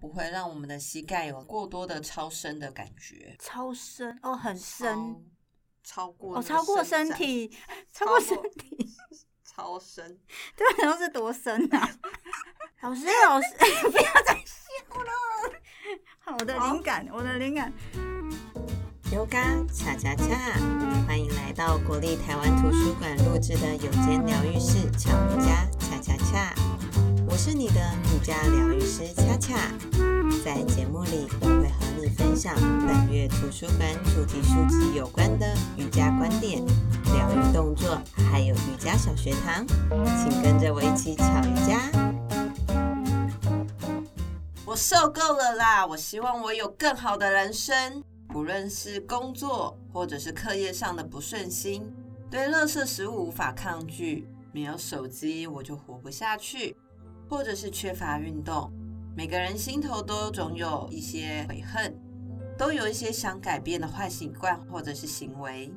不會讓我們的膝蓋有過多的超深的感覺。超深哦，很深，超，超過哦，超過身體，超過身體，超深。對，那是多深啊？ 老師，老師， 不要再笑了。 好的，我的靈感，我的靈感。瑜伽恰恰恰，歡迎來到國立台灣圖書館錄製的有間療癒室，巧瑜伽恰恰恰。我是你的瑜伽療癒師恰恰，在節目裡我會和你分享本月圖書館主題書籍有關的瑜伽觀點、療癒動作，還有瑜伽小學堂，請跟着我一起巧瑜伽。我受夠了啦！我希望我有更好的人生，不論是工作或者是課業上的不順心，對垃圾食物無法抗拒，沒有手機我就活不下去。或者是缺乏運動，每個人心頭都總有一些悔恨，都有一些想改變的壞習慣或者是行為。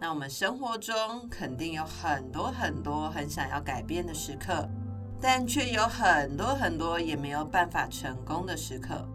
那我們生活中肯定有很多很多很想要改變的時刻，但卻有很多很多也沒有辦法成功的時刻。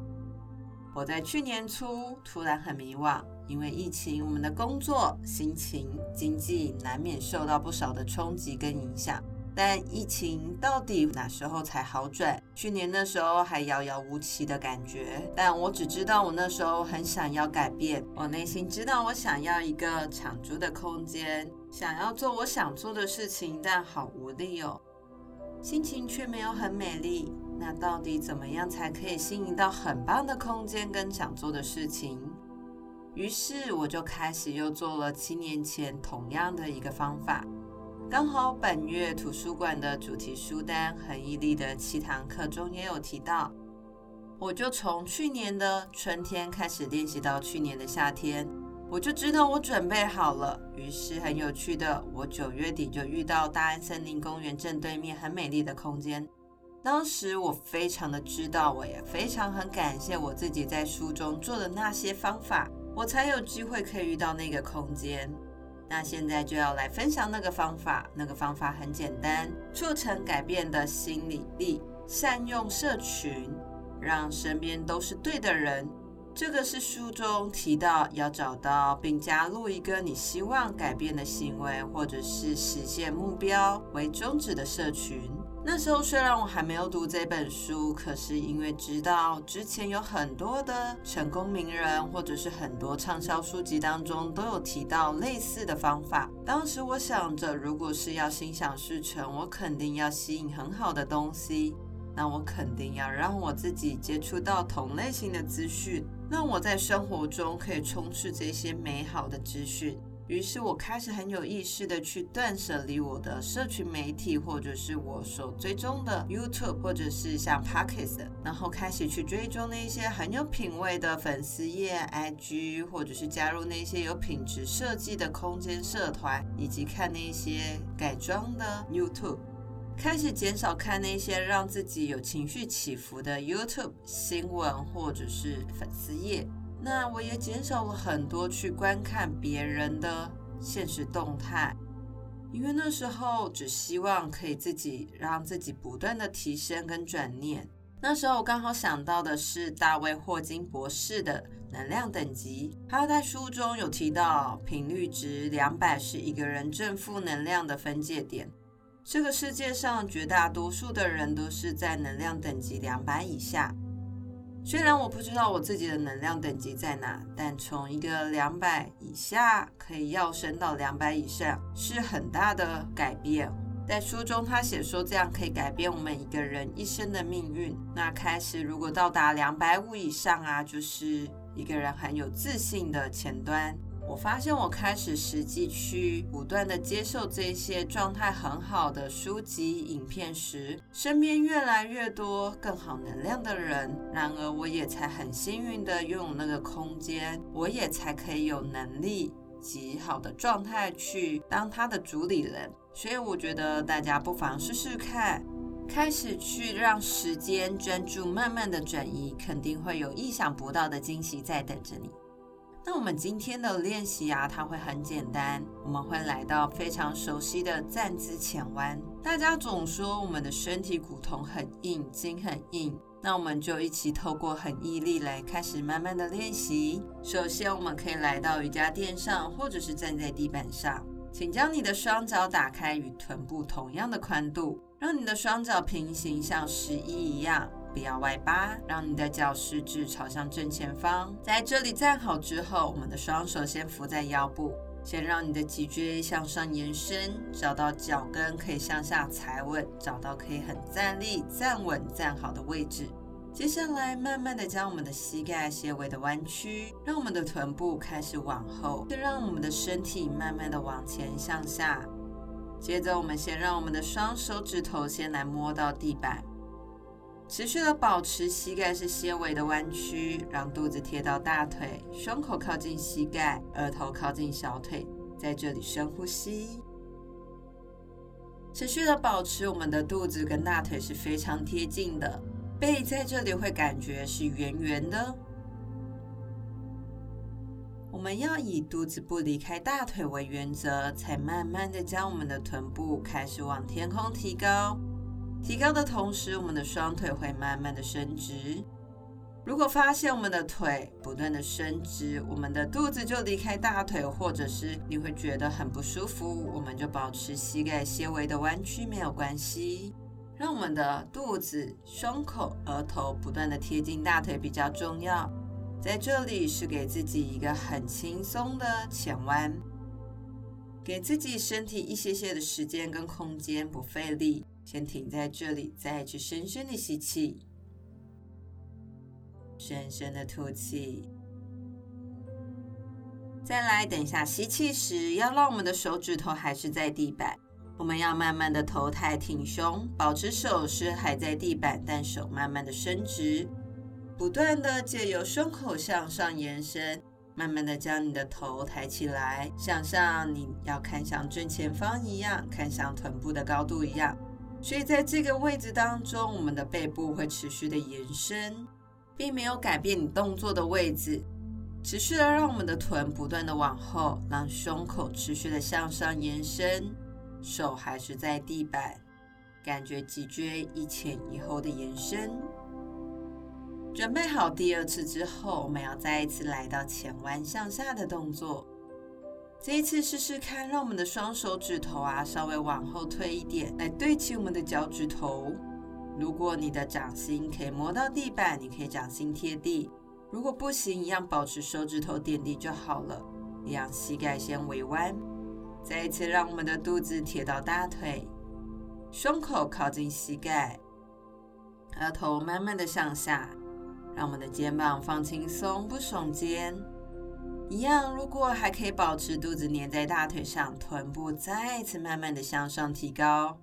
我在去年初突然很迷惘，因為疫情，我們的工作、心情、經濟難免受到不少的衝擊跟影響。但疫情到底哪時候才好轉？去年那時候還遙遙無期的感覺，但我只知道我那時候很想要改變，我內心知道我想要一個充足的空間，想要做我想做的事情，但好無力哦、喔，心情卻沒有很美麗。那到底怎麼樣才可以吸引到很棒的空間跟想做的事情？於是我就開始又做了七年前同樣的一個方法。剛好本月圖書館的主題書單《恆毅力的七堂課》中也有提到，我就從去年的春天開始練習到去年的夏天，我就知道我準備好了。於是很有趣的，我九月底就遇到大安森林公園正對面很美麗的空間。當時我非常的知道，我也非常很感謝我自己在書中做的那些方法，我才有機會可以遇到那個空間。那現在就要來分享那個方法，那個方法很簡單，促成改變的心理力，善用社群，讓身邊都是對的人。這個是書中提到，要找到並加入一個你希望改變的行為或者是實現目標為宗旨的社群。那時候雖然我還沒有讀這本書，可是因為知道之前有很多的成功名人，或者是很多暢銷書籍當中都有提到類似的方法。當時我想着，如果是要心想事成，我肯定要吸引很好的東西，那我肯定要讓我自己接觸到同類型的資訊，讓我在生活中可以充斥這些美好的資訊。於是我開始很有意識的去斷捨離我的社群媒體，或者是我所追蹤的 YouTube，或者是像 Podcast，然後開始去追蹤那些很有品味的粉絲頁、IG，或者是加入那些有品質設計的空間社團，以及看那些改裝的 YouTube，開始減少看那些讓自己有情緒起伏的 YouTube 新聞或者是粉絲頁。那我也減少了很多去觀看別人的限時動態，因為那時候只希望可以自己讓自己不斷的提升跟轉念。那時候我剛好想到的是大衛霍金斯博士的能量等級，他在書中有提到，頻率值兩百是一個人正負能量的分界點。這個世界上絕大多數的人都是在能量等級兩百以下。雖然我不知道我自己的能量等級在哪，但從一個兩百以下可以躍升到兩百以上，是很大的改變。在書中他寫說，這樣可以改變我們一個人一生的命運。那開始如果到達兩百五以上啊，就是一個人很有自信的前端。我發現，我開始實際去不斷的接受這些狀態很好的書籍、影片時，身邊越來越多更好能量的人。然而，我也才很幸運的擁有那個空間，我也才可以有能力及好的狀態去當他的主理人。所以，我覺得大家不妨試試看，開始去讓時間專注慢慢的轉移，肯定會有意想不到的驚喜在等着你。那我們今天的練習啊，它會很簡單。我們會來到非常熟悉的站姿前彎。大家總說我們的身體骨頭很硬，筋很硬。那我們就一起透過恆毅力來開始慢慢的練習。首先，我們可以來到瑜伽墊上，或者是站在地板上。請將你的雙腳打開與臀部同樣的寬度，讓你的雙腳平行，像十一一樣。不要外八，讓你的腳食指朝向正前方，在這裡站好之後，我們的雙手先扶在腰部，先讓你的脊椎向上延伸，找到腳跟可以向下踩穩，找到可以很站立、站穩、站好的位置。接下來，慢慢的將我們的膝蓋些微地彎曲，讓我們的臀部開始往後，先讓我們的身體慢慢的往前向下。接着，我們先讓我們的雙手指頭先來摸到地板。持續的保持膝蓋是些微的彎曲，讓肚子貼到大腿，胸口靠近膝蓋，額頭靠近小腿，在這裡深呼吸。持續的保持我們的肚子跟大腿是非常貼近的，背在這裡會感覺是圓圓的。我們要以肚子不離開大腿為原則，才慢慢的將我們的臀部開始往天空提高。提高的同時，我們的雙腿會慢慢的伸直。如果發現我們的腿不斷的伸直，我們的肚子就離開大腿，或者是你會覺得很不舒服，我們就保持膝蓋些微的彎曲，沒有關係。讓我們的肚子、胸口、額頭不斷的貼近大腿比較重要。在這裡是給自己一個很輕鬆的前彎，給自己身體一些些的時間跟空間，不費力。先停在這裡，再去深深的吸氣，深深的吐氣。再來，等一下吸氣時，要讓我們的手指頭還是在地板，我們要慢慢的頭抬挺胸，保持手是還在地板，但手慢慢的伸直，不斷的借由胸口向上延伸，慢慢的將你的頭抬起來，想象你要看向正前方一樣，看向臀部的高度一樣。所以在這個位置當中，我們的背部會持續的延伸，並沒有改變你動作的位置，持續的讓我們的臀不斷的往後，讓胸口持續的向上延伸，手還是在地板，感覺脊椎一前一後的延伸。準備好第二次之後，我們要再一次來到前彎向下的動作。這一次試試看，讓我們的雙手指頭啊稍微往後退一點，來對齊我們的腳趾頭。如果你的掌心可以摸到地板，你可以掌心貼地；如果不行，一樣保持手指頭點地就好了。一樣膝蓋先微彎，再一次讓我們的肚子貼到大腿，胸口靠近膝蓋，額頭慢慢的向下，讓我們的肩膀放輕鬆，不聳肩。一樣，如果還可以保持肚子粘在大腿上，臀部再次慢慢的向上提高。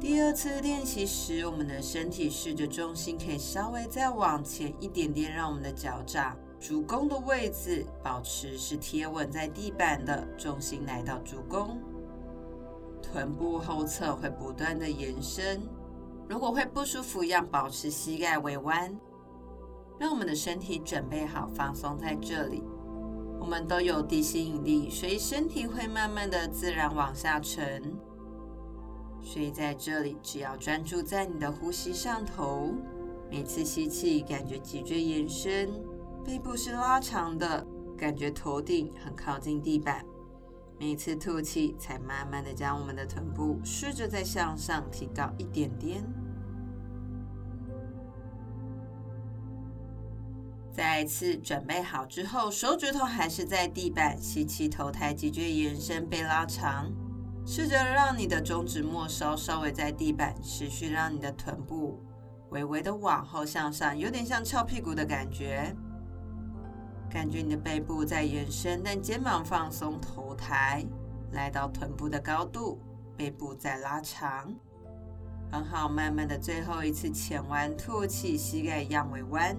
第二次練習時，我們的身體試着重心可以稍微再往前一點點，讓我們的腳掌足弓的位置保持是貼穩在地板的，重心來到足弓，臀部後側會不斷的延伸。如果會不舒服，一樣保持膝蓋微彎。讓我們的身體準備好放鬆在這裡。我們都有地心引力，所以身體會慢慢的自然往下沉。所以在這裡，只要專注在你的呼吸上頭，每次吸氣，感覺脊椎延伸，背部是拉長的，感覺頭頂很靠近地板。每次吐氣，才慢慢的將我們的臀部試着再向上提高一點點。再一次準備好之後，手指頭還是在地板，吸氣，頭抬，脊椎延伸背拉長，試着讓你的中指末梢稍微在地板，持續讓你的臀部微微的往後向上，有點像翹屁股的感覺，感覺你的背部在延伸，讓肩膀放鬆，頭抬，來到臀部的高度，背部再拉長，很好，慢慢的最後一次前彎，吐氣，膝蓋一樣微彎。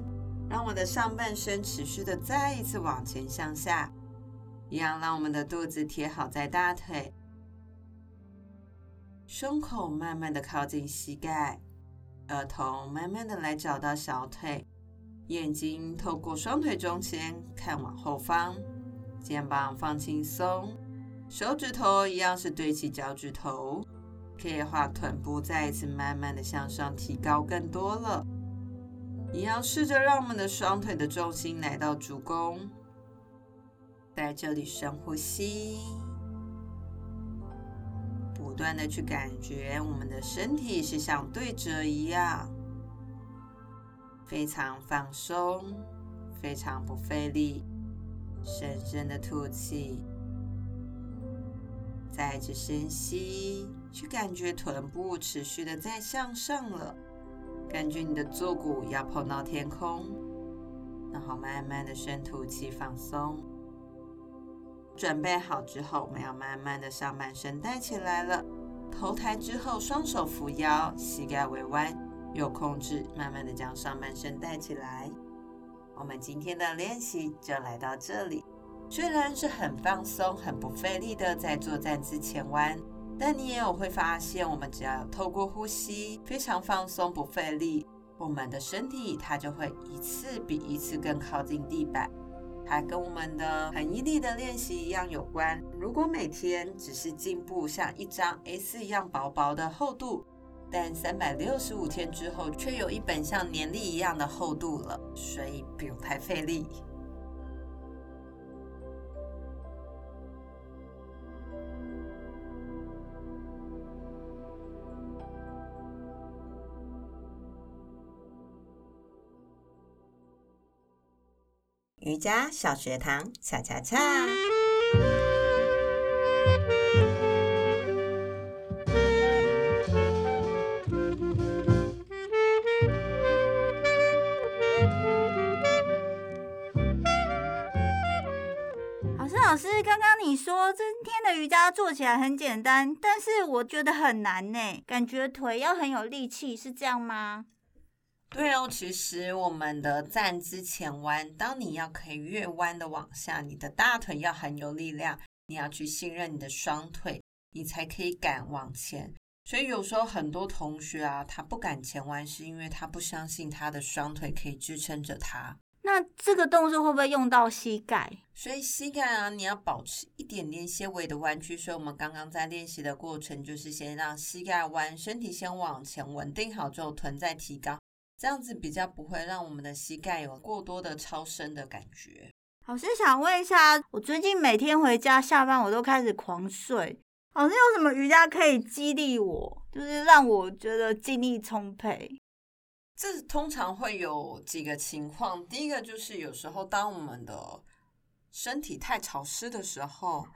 讓我的上半身持續的再一次往前向下，一樣讓我們的肚子貼好在大腿，胸口慢慢的靠近膝蓋，額頭慢慢的來找到小腿，眼睛透過雙腿中間看往後方，肩膀放輕鬆，手指頭一樣是對齊腳趾頭，可以畫臀部再一次慢慢的向上提高更多了。你要試着讓我們的雙腿的重心來到足弓，在這裡深呼吸，不斷的去感覺我們的身體是像對折一樣，非常放鬆，非常不費力。深深的吐氣，再次深吸，去感覺臀部持續的在向上了。感覺你的坐骨要碰到天空，然後慢慢的深吐氣放鬆。準備好之後，我們要慢慢的上半身帶起來了。頭抬之後，雙手扶腰，膝蓋微彎，有控制慢慢的將上半身帶起來。我們今天的練習就來到這裡，雖然是很放鬆、很不費力的在之前玩，在做站姿前彎。但你也有會發現，我們只要透過呼吸非常放鬆、不費力，我們的身體它就會一次比一次更靠近地板，還跟我們的恆毅力的練習一樣有關。如果每天只是進步像一張 A4 一樣薄薄的厚度，但三百六十五天之後卻有一本像年曆一樣的厚度了，所以不用太費力。瑜伽小學堂，恰恰恰。老師，老師，剛剛你說今天的瑜伽做起來很簡單，但是我覺得很難呢，感覺腿要很有力氣，是這樣嗎？對哦，其實我們的站姿前彎，當你要可以越彎的往下，你的大腿要很有力量，你要去信任你的雙腿，你才可以敢往前。所以有時候很多同學啊，他不敢前彎，是因為他不相信他的雙腿可以支撐着他。那這個動作會不會用到膝蓋？所以膝蓋啊，你要保持一點點些微的彎曲。所以我們剛剛在練習的過程，就是先讓膝蓋彎，身體先往前穩定好之後，臀再提高。這樣子比較不會讓我們的膝蓋有過多的超伸的感覺。老師想問一下，我最近每天回家下班，我都開始狂睡，好像有什麼瑜伽可以激勵我，就是讓我覺得精力充沛？這通常會有幾個情況，第一個就是有時候當我們的身體太潮濕的時候，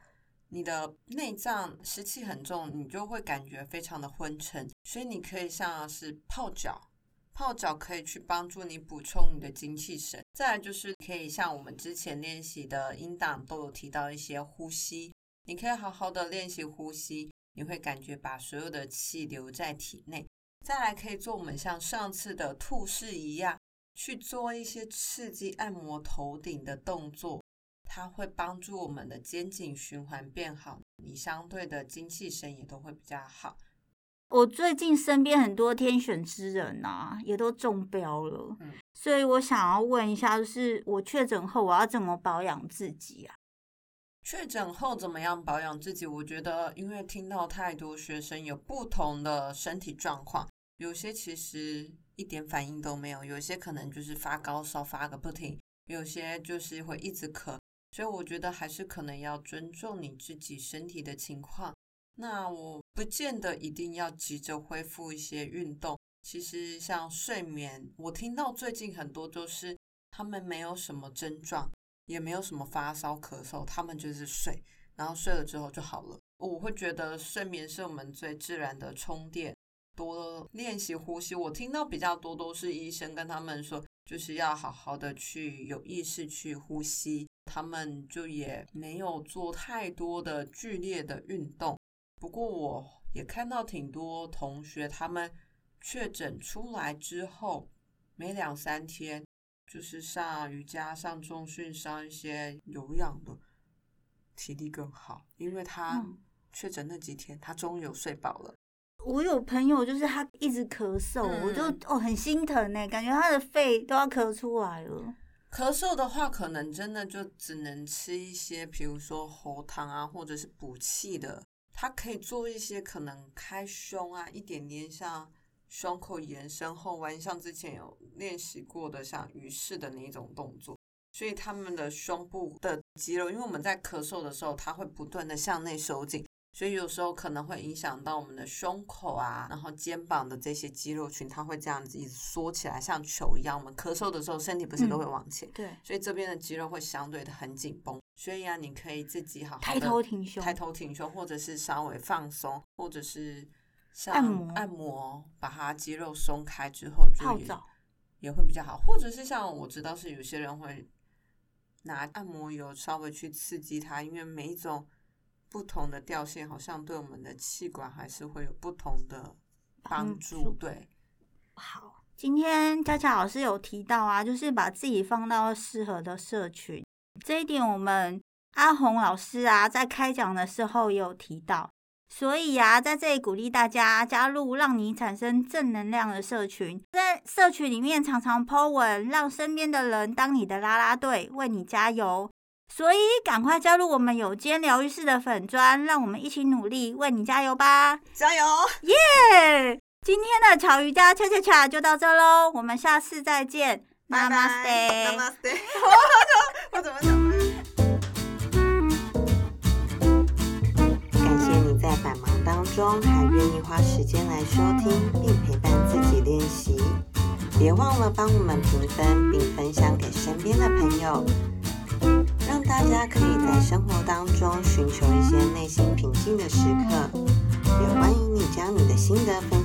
你的內臟濕氣很重，你就會感覺非常的昏沉，所以你可以像是泡腳，泡腳可以去幫助你補充你的精氣神，再來就是可以像我們之前練習的音檔都有提到一些呼吸，你可以好好的練習呼吸，你會感覺把所有的氣留在體內。再來可以做我們像上次的兔式一樣去做一些刺激按摩頭頂的動作，它會幫助我們的肩頸循環變好，你相對的精氣神也都會比較好。我最近身邊很多天選之人吶、啊，也都中標了。嗯，所以我想要問一下，就是我確診後我要怎麼保養自己啊？確診後怎麼樣保養自己？我覺得，因為聽到太多學生有不同的身體狀況，有些其實一點反應都沒有，有些可能就是發高燒發個不停，有些就是會一直咳。所以我覺得還是可能要尊重你自己身體的情況。那我不見得一定要急着恢復一些運動。其實像睡眠，我聽到最近很多就是他們沒有什麼症狀，也沒有什麼發燒、咳嗽，他們就是睡，然後睡了之後就好了。我會覺得睡眠是我們最自然的充電。多練習呼吸，我聽到比較多都是醫生跟他們說，就是要好好的去有意識去呼吸，他們就也沒有做太多的劇烈的運動。不過我也看到挺多同學，他們確診出來之後每兩三天，就是上瑜伽、上重訓、上一些有氧的，體力更好。因為他確診那幾天，嗯、他終於有睡飽了。我有朋友就是他一直咳嗽，嗯、我就哦很心疼呢，感覺他的肺都要咳出來了。咳嗽的話，可能真的就只能吃一些，比如說喉糖啊，或者是補氣的。它可以做一些可能開胸啊，一點點像胸口延伸後彎，像之前有練習過的像魚式的那一種動作。所以他們的胸部的肌肉，因為我們在咳嗽的時候，它會不斷的向內收緊，所以有時候可能會影響到我們的胸口啊，然後肩膀的這些肌肉群，它會這樣子一直縮起來，像球一樣。我們咳嗽的時候，身體不是都會往前？嗯，對，所以這邊的肌肉會相對的很緊繃。所以啊，你可以自己好，好的抬頭挺胸，抬頭挺胸，或者是稍微放鬆，或者是像按按摩，把它肌肉鬆開之後，泡澡也會比較好。或者是像我知道是有些人會拿按摩油稍微去刺激它，因為每一種不同的調線好像對我們的氣管還是會有不同的幫助，嗯。對，好，今天佳佳老師有提到啊，就是把自己放到適合的社群。這一點，我們阿紅老師啊，在開講的時候有提到，所以啊，在這裡鼓勵大家加入讓你產生正能量的社群，在社群裡面常常 po 文，讓身邊的人當你的啦啦隊，為你加油。所以，趕快加入我們友間聊癒室的粉專，讓我們一起努力，為你加油吧！加油，耶、yeah!！今天的巧瑜伽恰恰恰就到這嘍，我們下次再見。媽媽，塞 Namaste . 我怎麼，感謝你在百忙當中還願意花時間來收聽並陪伴自己練習。別忘了幫我們評分並分享給身邊的朋友，讓大家可以在生活當中尋求一些內心平靜的時刻。也歡迎你將你的心得分。